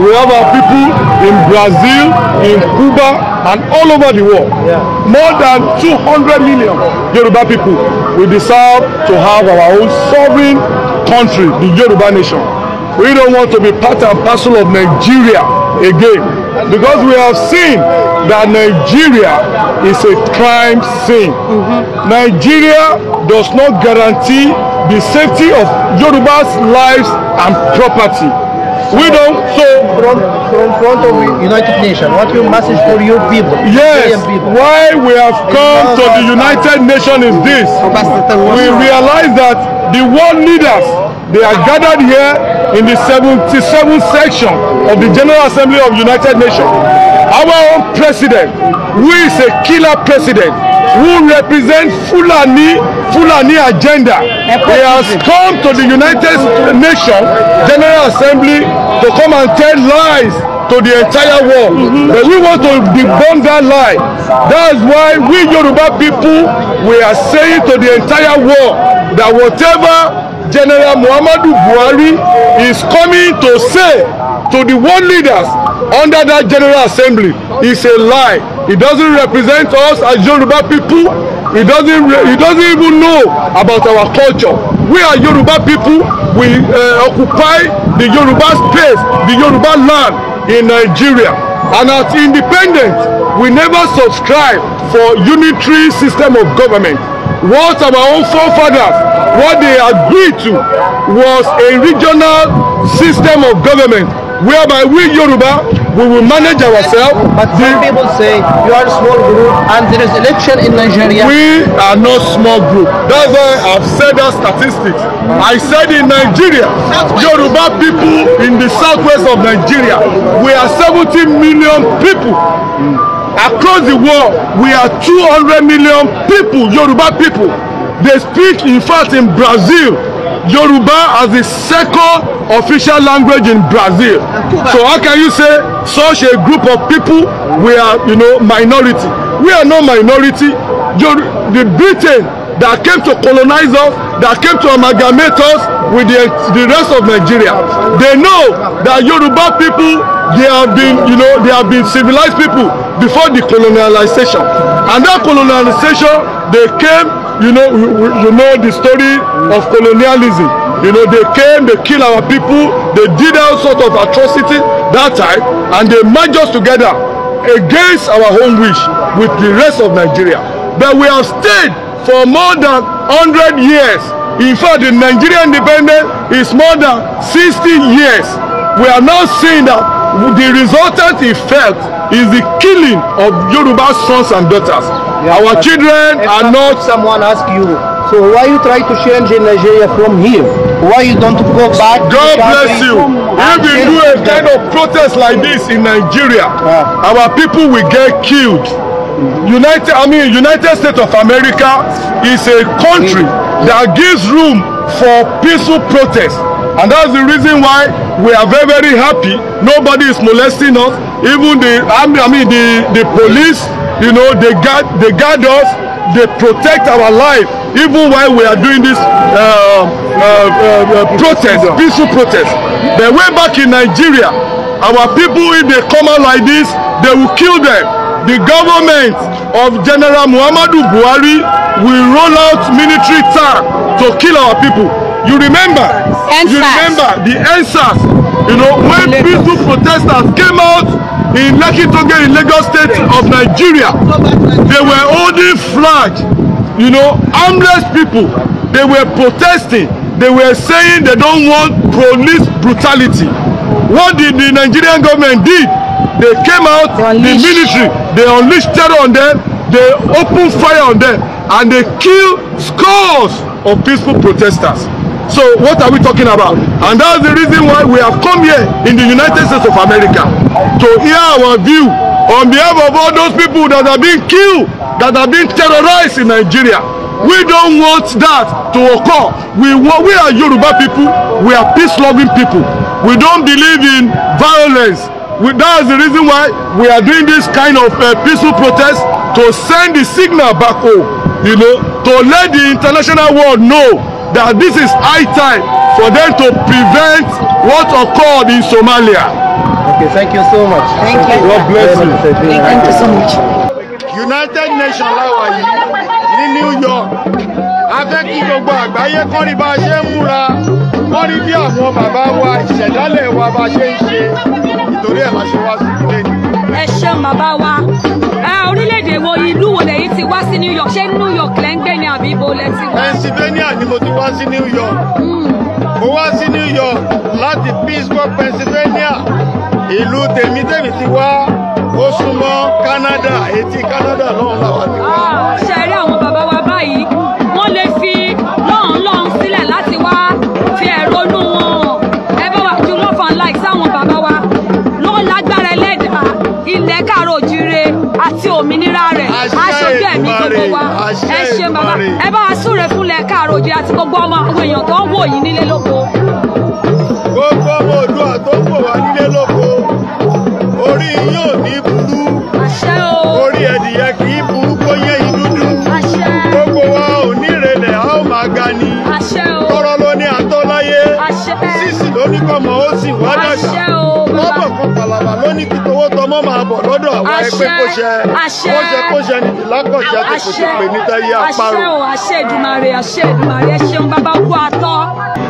We have our people in Brazil, in Cuba, and all over the world. Yeah. More than 200 million Yoruba people. We deserve to have our own sovereign country, the Yoruba nation. We don't want to be part and parcel of Nigeria again because we have seen that Nigeria is a crime scene. Mm-hmm. Nigeria does not guarantee the safety of Yoruba's lives and property. We don't. So from from front of United Nations, what your message for your people? Yes. People? Why we have come to the United Nations is this: we realize that the world leaders they are gathered here in the 77th section of the General Assembly of United Nations our own president who is a killer president who represents Fulani Fulani agenda. He has come to the United Nations General Assembly to come and tell lies to the entire world. Mm -hmm. But we want to debunk that lie. That's why we Yoruba people we are saying to the entire world that whatever General Muhammadu Buhari is coming to say to the world leaders under that General Assembly is a lie. It doesn't represent us as Yoruba people. It doesn't, re- it doesn't even know about our culture. We are Yoruba people. We uh, occupy the Yoruba space, the Yoruba land in Nigeria. And as independent, we never subscribe for unitary system of government. What our own forefathers, what they agreed to was a regional system of government whereby we Yoruba we will manage ourselves. But some people say you are a small group and there is election in Nigeria. We are not small group. That's why I've said that statistics. I said in Nigeria, Yoruba people in the southwest of Nigeria, we are 70 million people. Across the world, we are 200 million people, Yoruba people. They speak, in fact, in Brazil, Yoruba as the second official language in Brazil. So how can you say such a group of people we are, you know, minority? We are not minority. Yor the Britain that came to colonize us, that came to amalgamate us with the, the rest of Nigeria, they know that Yoruba people, they have been, you know, they have been civilized people before the colonization. And that colonization They came, you know, you, know the story of colonialism. You know, they came, they kill our people, they did all sort of atrocity that time, and they merged us together against our own wish with the rest of Nigeria. But we have stayed for more than 100 years. In fact, the Nigerian independence is more than 60 years. We are now seeing that the resultant effect is the killing of Yoruba sons and daughters. Yeah, Our children are not. Someone ask you. So why you try to change in Nigeria from here? Why you don't go back? God bless you. If you do a kind of protest like this in Nigeria, yeah. our people will get killed. United, I mean, United States of America is a country mm. that gives room for peaceful protest. And that's the reason why we are very, very happy. Nobody is molesting us. Even the, I mean, the, the police you know they guard they guard us they protect our life even while we are doing this um, uh, uh, uh, protest peaceful protest but way back in nigeria our people if they come out like this they will kill them the government of general muhammadu buhari will roll out military tank to kill our people you remember NSAS. you remember the answers? you know when peaceful protesters came out in Lekki in Lagos state of Nigeria they were holding flags. you know harmless people they were protesting they were saying they don't want police brutality what did the Nigerian government did they came out unleash. the military they unleashed terror on them they opened fire on them and they killed scores of peaceful protesters So what are we talking about? And that's the reason why we have come here in the United States of America to hear our view on behalf of all those people that are being killed, that are being terrorized in Nigeria. We don't want that to occur. We, we are Yoruba people. We are peace-loving people. We don't believe in violence. We, that is the reason why we are doing this kind of uh, peaceful protest to send the signal back home, you know, to let the international world know that this is high time for them to prevent what occurred in Somalia. Okay, thank you so much. Thank, you. God bless you. Thank you, so much. United Nations láwa yìí ní New York a gbogbo àgbáyé kọ́ bá a ṣe ń múra kọ́ bí àwọn bàbá wa ìṣẹ̀dálẹ̀ wa bá ṣe ń ṣe nítorí ẹ̀ la ṣe wá sí ilé. Ẹ ṣeun bàbá wa orílẹ̀-èdè wo ìlú wo New York ṣé New York lẹ́ ń gbé ní àbí ibo lẹ Pennsylvania ni mo ti wá sí New York mo wá sí New York láti Pittsburgh Pennsylvania ìlú tèmi tèmi ti wá ó súnmọ́ Canada etí Canada lọ́hùn làwọn ti ah, wá. gbogbo àwọn èèyàn tó ń wò yín nílé lóko. gbogbo ọmọ Oòduà tó ń wò wá nílé lóko orí yóò ní burú. pé kó ṣe kó ṣe kó ṣe ní ìlákọ̀jẹ́ tó kò ti pè ní tẹ́yẹ àparò. àṣẹ o àṣẹ Èdùmàrè àṣẹ Èdùmàrè ṣeun bàbá kú àtọ.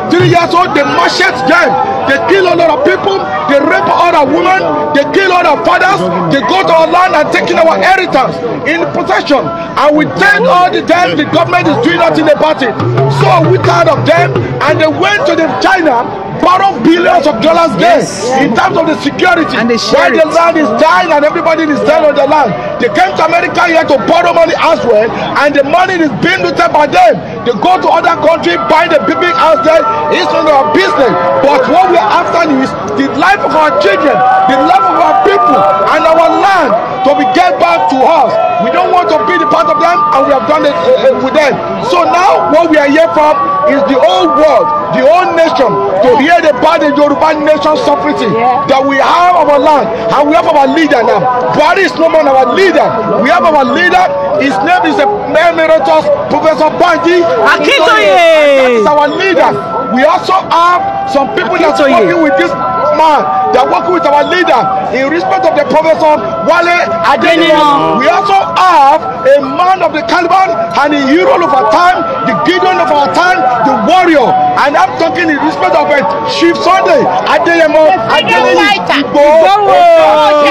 three years old they machete them they kill a lot of people they rape other women they kill other fathers they go to our land and taking our inheritance in possession and we thank all the time the government is doing nothing about it so we tired of them and they went to the China borrow billions of dollars yes. in terms of the security. And they share the land is dying and everybody is dying on the land, they came to America here to borrow money as well, and the money is being looted by them. They go to other country, buy the big big there. It's not our business. But what we are after is the life of our children, the life of our people, and our land to be get back to us. We don't want to be the part of them, and we have done it uh, uh, with them. So now, what we are here for is the whole world, the whole nation, to hear the part of Yoruba nation suffering. yeah. that we have our land and we have our leader now. Buhari is no more our leader. We have our leader. His name is Emeritus Professor Banji Akintoye. That is our leader. We also have some people Akintoye. that are working with this man they are working with our leader in respect of the professor Wale Adeniran we also have a man of the caliber and a hero of our time the Gideon of our time the warrior and I'm talking in respect of it Chief Sunday Adeyemo Adeniyi Igboho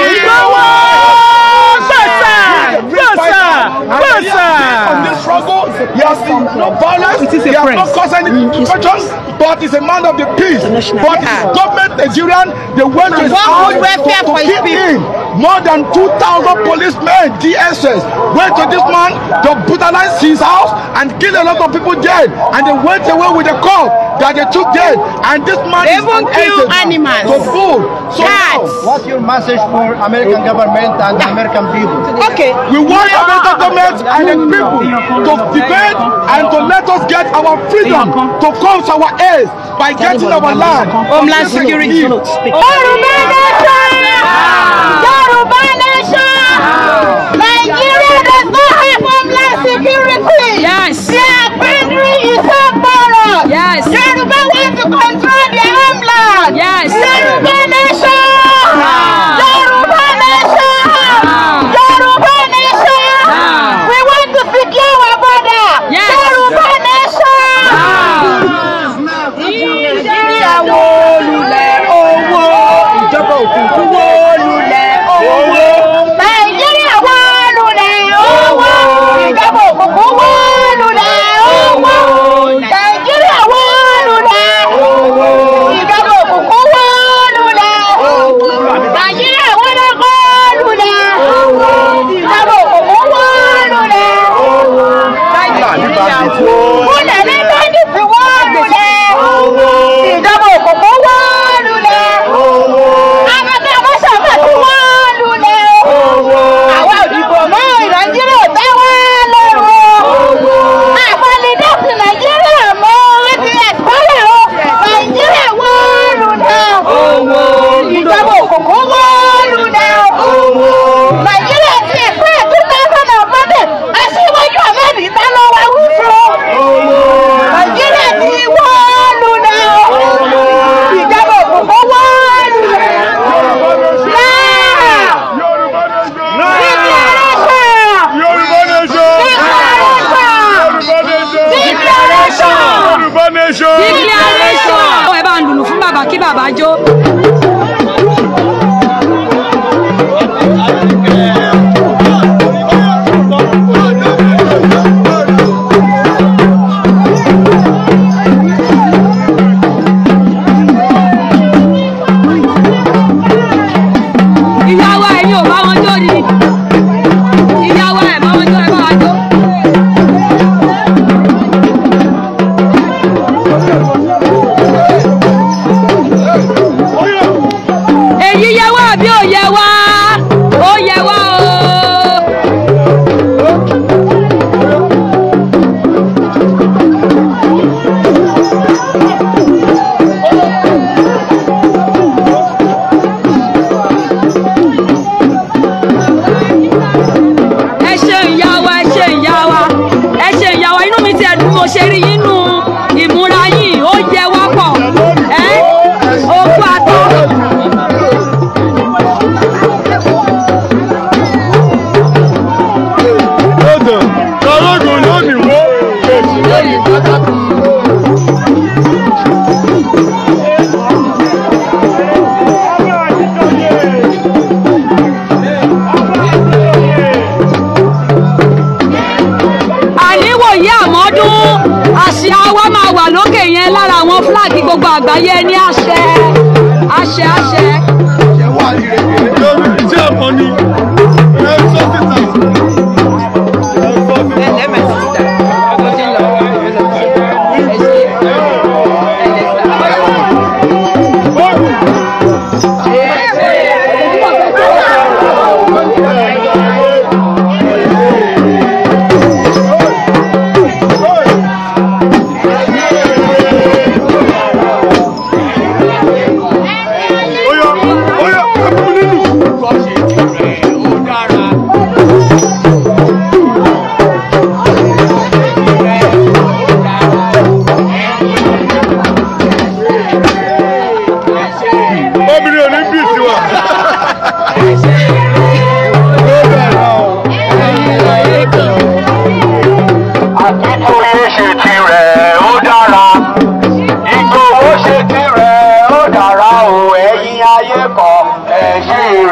Igboho on this struggle. He has been no violence. It is a he has not caused any destruction, but he's a man of the peace. But his government, Nigerian, they went to his house to keep him more than 2,000 policemen, DSS, went to this man to brutalize his house and kill a lot of people dead. And they went away with the cop that they took dead. And this man they is an kill animals. to food. So Cats. now, what's your message for American government and American people? Okay. We want yeah. American government and the people to debate and to let us get our freedom to come our aid by getting our land. Homeland security. Oh, Romania! Yes. Yeah, is a Yes. Yoruba is the country.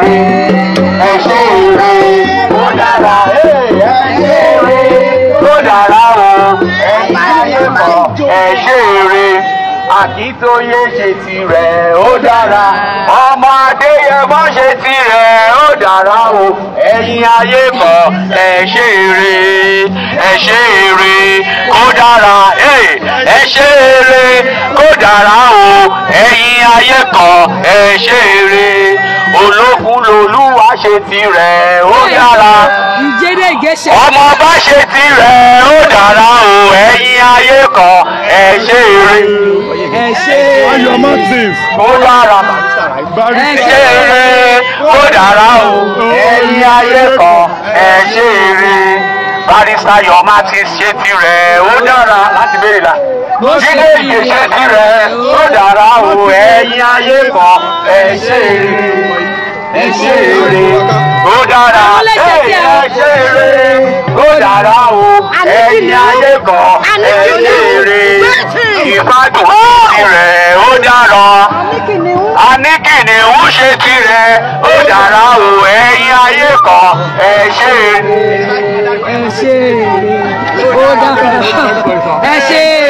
ire ẹ ṣe ire ó ó dára o ẹ̀yin ayé mọ̀ ẹ ṣe ire àkítóyè ṣe tirẹ̀ ó dára o ẹ̀yin ayé mọ̀ ẹ ṣe ire ẹ ṣe ire kó dára ẹ ṣe ire kó dára o ẹ̀yin ayé kan ẹ ṣe ire ológun lolúwa ṣe tirẹ̀ ó dára ọmọ bá ṣe tirẹ̀ ó dára o ẹ̀yin ayé kan ẹ ṣe eré. ayọ̀ martins. ó dára ẹ ṣe eré ó dára o ẹ̀yin ayé kan ẹ ṣe eré barista yọ martins ṣe tirẹ̀ ó dára láti béèrè la sílé ìgbésẹ̀ rẹ̀ ó dára o ẹ̀yin ayé kan ẹ ṣe eré ẹ ṣe eré ó dára ẹ̀yin ẹ ṣe eré ó dára o ẹ̀yin ayé kan ẹ ṣe eré ìbádùn tirẹ̀ ó dára aníkìní ń ṣe tirẹ̀ ó dára o ẹ̀yin ayé kan ẹ ṣe eré ẹ ṣe eré ó dára ẹ ṣe eré.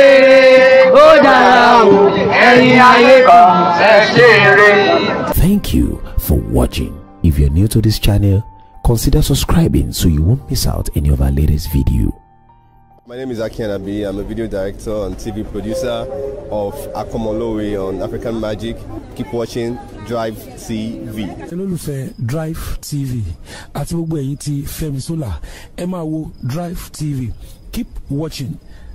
Thank you for watching. If you're new to this channel, consider subscribing so you won't miss out any of our latest video. My name is Akian Abi. I'm a video director and TV producer of Akomolowe on African Magic. Keep watching Drive TV. olólùfẹ́ Drive TV àti gbogbo ẹ̀yin Fẹ́mi Sola wo Drive TV. Keep watching.